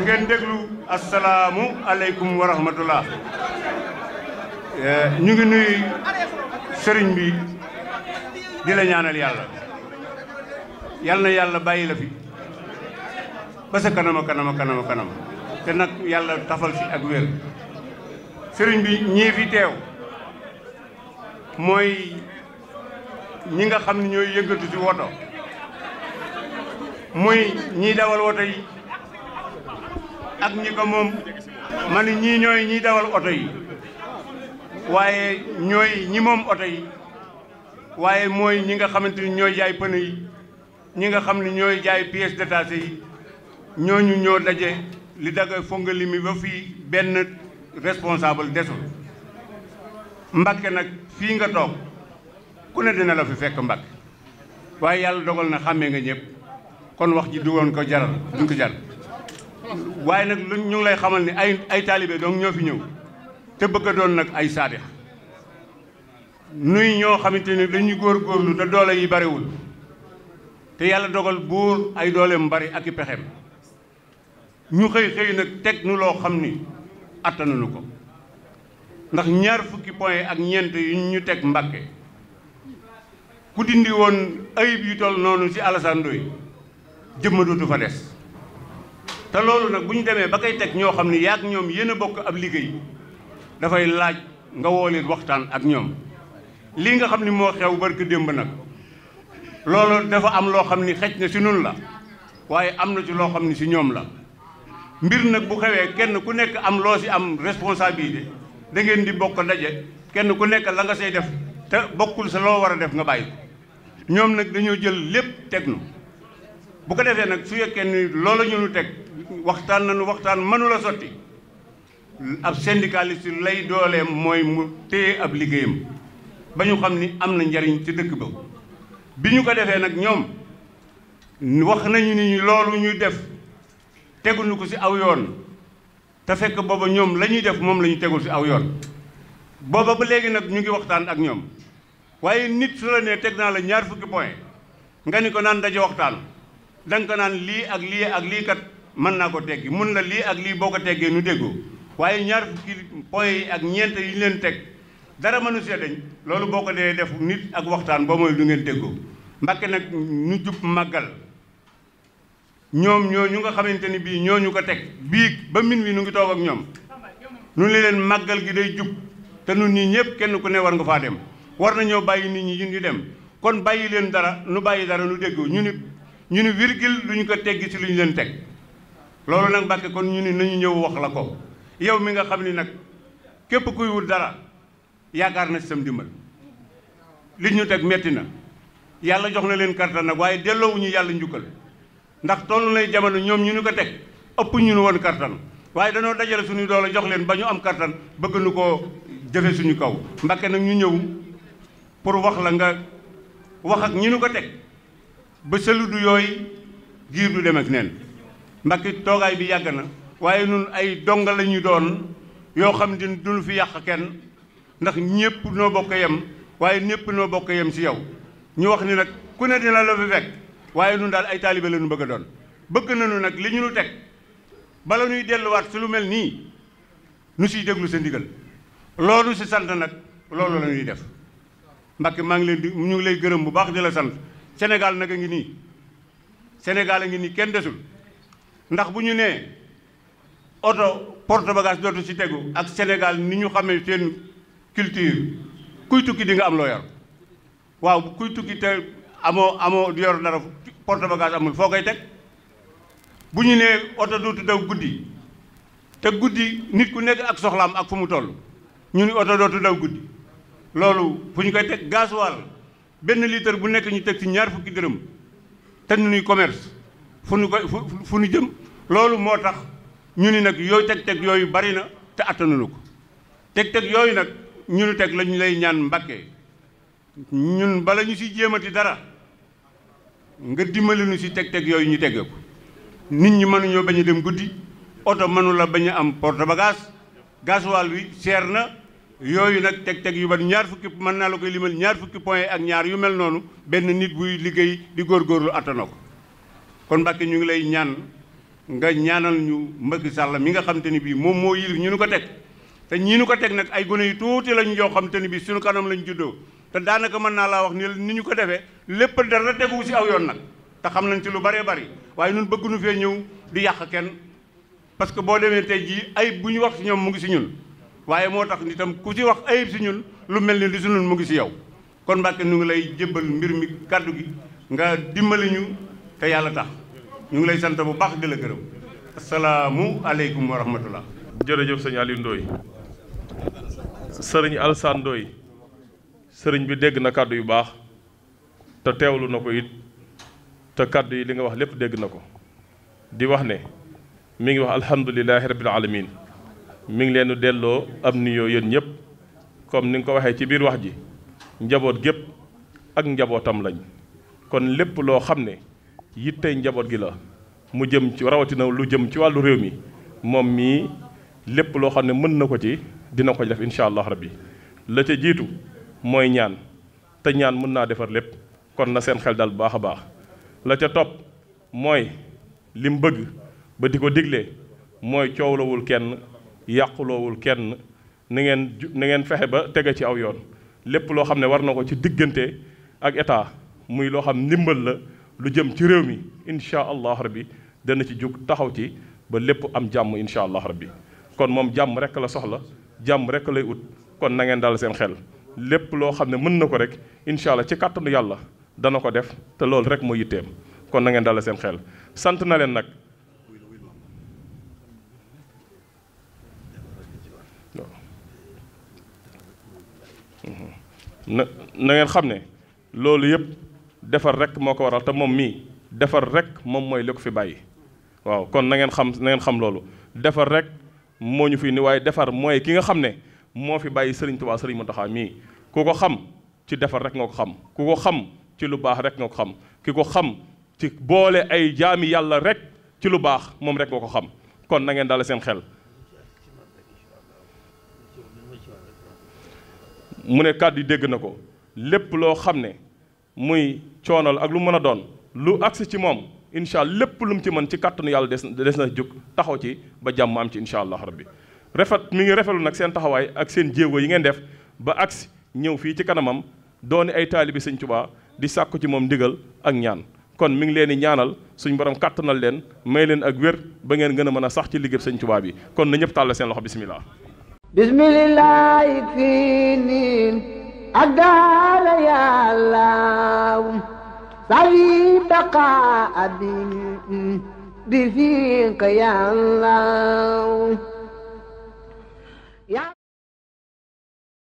ngeen déglu asalaamu aleykum wa rahmatullah eh, ñu ngi nuyu sëriñ bi di la ñaanal yàlla yal na yàlla bàyyi la fi ba sa kanama kanama kanama kanama te nag yàlla tafal si ak wér sëriñ bi ñiifi teew mooy ñi nga xam ne ñooy yëngatu si woto muy ñiy dawal woto yi ak ñi ko moom ma ñii ñooy ñiy dawal oto yi waaye ñooy ñi moom oto yi waaye mooy ñi nga xamante ni ñooy jaay pneu yi ñi nga xam ni ñooy jaay pièces détachées yi ñooñu ñoo daje li daga fongali mi ba fii benn responsable desul Mbàkke nag fii nga toog ku ne dina la fi fekk Mbàkke waaye yàlla dogal na xàmmee nga ñëpp kon wax ji du woon ko jaral duñ ko waaye nag lu ñu lay xamal ni ay ay taalibe donc ñoo fi ñëw te bëgg a doon nag ay saadix nuy ñoo xamante ni dañuy góorgóorlu te doole yi bariwul te yàlla dogal buur ay dooleem bari ak i pexem ñu xëy xëy nag teg nu loo xam ni attanuñu ko ndax ñaar fukki point ak ñeent yu ñu teg mbàkke ku dindi woon ayib yu toll noonu ci Alassane Ndoye jëmma dootu fa des te loolu nag bu ñu demee ba koy teg ñoo xam ne yaag ñoom yéen a bokk ab liggéey dafay laaj nga woo waxtaan ak ñoom lii nga xam ni moo xew barki démb nag loolu dafa am loo xam ni xëj na si nun la waaye am na ci loo xam ne si ñoom la mbir nag bu xewee kenn ku nekk am loo si am responsabilité da ngeen di bokk daje kenn ku nekk la nga say def te bokkul sa loo war a def nga bàyyi ñoom nag dañoo jël lépp teg nu bu ko defee nag su yekkee ni loola ñu teg waxtaan na nañu waxtaan mënula sotti ab syndicaliste lay dooleem mooy mu téye ab liggéeyam ba ñu xam ni am na njariñ ci dëkk ba bi ñu ko defee nag ñoom wax nañu ni loolu ñuy def teguñu ko ci aw yoon te fekk booba ñoom la ñuy def moom la ñu tegul ci aw yoon booba ba léegi nag ñu ngi waxtaan ak ñoom waaye nit su la nee teg naa la ñaar fukki point nga ni ko naan daje waxtaan danga ko naan lii ak lii ak lii mën naa ko teggi mun na lii ak lii boo ko teggee nu déggoo waaye ñaar fukki point ak ñeent yi leen teg dara mënu nu dañ loolu boo ko dee def nit ak waxtaan boo mooy du ngeen déggoo Mbàkke nag ñu jub màggal ñoom ñoo ñu nga xamante ni bii ñoo ñu ko teg bii ba min wi nu ngi toog ak ñoom nu li leen màggal gi day jub te nun ñii ñëpp kenn ku ne war nga faa dem war na ñoo bàyyi nit ñi ñu ñu dem kon bàyyi leen dara nu bàyyi dara nu déggoo ñu ni ñu ni virgule lu ñu ko teggi ci lu leen teg loolu nag Mbàkke kon ñu ni nañu ñëw wax la ko yow mi nga xam ni nag képp kuy wut dara yaakaar na ci sam dimbal li ñu teg metti na yàlla jox na leen karta nag waaye delloowuñu yàlla njukkal ndax toll nay jamono ñoom ñu ni ko teg ëpp ñu nu woon kartan waaye dañoo dajale suñu dool jox leen ba ñu am kartan bëgg nu koo jëfe suñu kaw Mbàkke nag ñu ñëw pour wax la nga wax ak ñi nu ko teg ba sëludu yooyu giir du dem ak Mbàkke toogaay bi yàgg na waaye nun ay donga la ñu doon yoo xam ne duñu fi yàq kenn ndax ñëpp noo bokk yem waaye ñëpp noo bokk yem ci yow ñu wax ni nag ku ne dina la fi fekk waaye nun daal ay taalibe lanu bëgg a doon bëgg nañu nag li ñu nu teg bala ñuy delluwaat si lu mel nii nu siy déglu sa ndigal loolu si sant nag loolu la ñuy def Mbàkke maa ngi leen di ñu ngi lay gërëm bu baax di la sant Sénégal nag a ngi nii Sénégal a ngi nii kenn desul ndax bu ñu nee oto porte bagage dootu ci tegu ak Sénégal ni ñu xamee seen culture kuy tukki di nga am loo yor waaw kuy tukki te amoo amoo yor dara porte bagage amul foo koy teg bu ñu nee oto dootu daw guddi te guddi nit ku nekk ak soxlaam ak fu mu toll ñu ni oto dootu daw guddi loolu fu ñu koy teg gasoil benn litre bu nekk ñu teg ci ñaar fukki dërëm te ñu nuy commerce fu ñu koy fu fu ñu jëm loolu moo tax ñu ni nag yow teg-teg yooyu bari na te attanuñu ko teg-teg yooyu nag ñu nu teg lañu lay ñaan mbàkke ñun bala ñu si jéemati dara nga dimbali nu si teg-teg yooyu ñu tege ko nit ñi mënuñoo bañ a dem guddi oto mënu la bañ am porte bagage gasoil wi seer na yu nag teg-teg yu ban ñaar fukki mën naa la koy limal ñaar fukki point ak ñaar yu mel noonu benn nit buy liggéey di góorgóorlu attana ko kon mbàkke ñu ngi lay ñaan nga ñaanal ñu Macky Sall mi nga xam te ni bii moom moo yilif ñu nu ko teg te ñii nu ko teg nag ay gone yu tuuti lañ joo xam te ni bii suñu kanam lañ juddoo te daanaka mën naa laa wax ni ni ñu ko defee lépp dara tegu si aw yoon nag te xam nañ ci lu bëree bari waaye ñun bëgguñu fee ñëw di yàq kenn parce que boo demee tey jii ayib bu ñu wax si ñoom mu ngi si ñun waaye moo tax itam ku ci wax ayib si ñun lu mel ni li su ñun mu ngi si yow kon Mbàkke ñu ngi lay jébbal mbir mi kàddu gi nga dimbali ñu te yàlla tax ñu ngi lay sant bu baax di la gërëm asalaamu aleykum wa rahmatullah jërëjëf sëñ Aliou sëriñ Alsaan Ndoye sëriñ bi dégg na kàddu yu baax te teewlu na ko it te kàddu yi li nga wax lépp dégg na ko di wax ne mu ngi wax alhamdulilahi rabbil alamin mi ngi leen delloo am nuyoo yéen ñëpp comme ni nga ko waxee ci biir wax ji njaboot gépp ak njabootam lañ kon lépp loo xam ne yittey njaboot gi la mu jëm ci rawatina lu jëm ci wàllu réew mi moom mii lépp loo xam ne mën na ko ci dina ko def incha allah rabbi la ca jiitu mooy ñaan te ñaan mën naa defar lépp kon na seen xel daal bu baax a baax la ca topp mooy lim bëgg ba di ko digle mooy coowlawul kenn yàquloowul kenn na ngeen na ngeen fexe ba tege ci aw yoon lépp loo xam ne war na ko ci diggante ak état muy loo xam ndimbal la lu jëm ci réew mi incha allah rabbi dana ci jug taxaw ci ba lépp am jàmm incha allah rabbi kon moom jàmm rek la soxla jàmm rek lay ut kon na ngeen dal seen xel lépp loo xam ne mën na ko rek incha allah ci kàttanu yàlla dana ko def te loolu rek moo yitteem kon na ngeen dal seen xel sant na leen nag. na ngeen xam ne loolu yëpp. defar rek moo ko waral te moom mii defar rek moom mooy li ko fi bàyyi waaw kon na ngeen xam na ngeen xam loolu defar rek moo ñu fi ni waaye defar mooy ki nga xam ne moo fi bàyyi sëriñ Serigne sëriñ Serigne Mountakha mii ku ko xam ci defar rek nga ko xam ku ko xam ci lu baax rek nga ko xam ki ko xam ci boole ay jaami yàlla rek ci lu baax moom rek nga ko xam kon na ngeen dala seen xel. mu ne kàddu dégg na ko lépp loo xam ne. muy coonal ak lu mën a doon lu agsi ci moom incha allah lépp lu mu ci mën ci kàttanu yàlla des des na jóg taxaw ci ba jàmm am ci incha allah rabbi rafet mi ngi rafetlu nag seen taxawaay ak seen jéego yi ngeen def ba agsi ñëw fii ci kanamam dooni ay taalibi sañ cuba di sàkku ci moom ndigal ak ñaan kon mi ngi leen di ñaanal suñ borom kàttanal leen may leen ak wér ba ngeen gën a mën a sax ci liggéey sëñ Tuubaa bi kon na ñëpp tàll seen loxo bisimilah. bisimilah. أدار يا الله سعي بقاء بي بفيق يا الله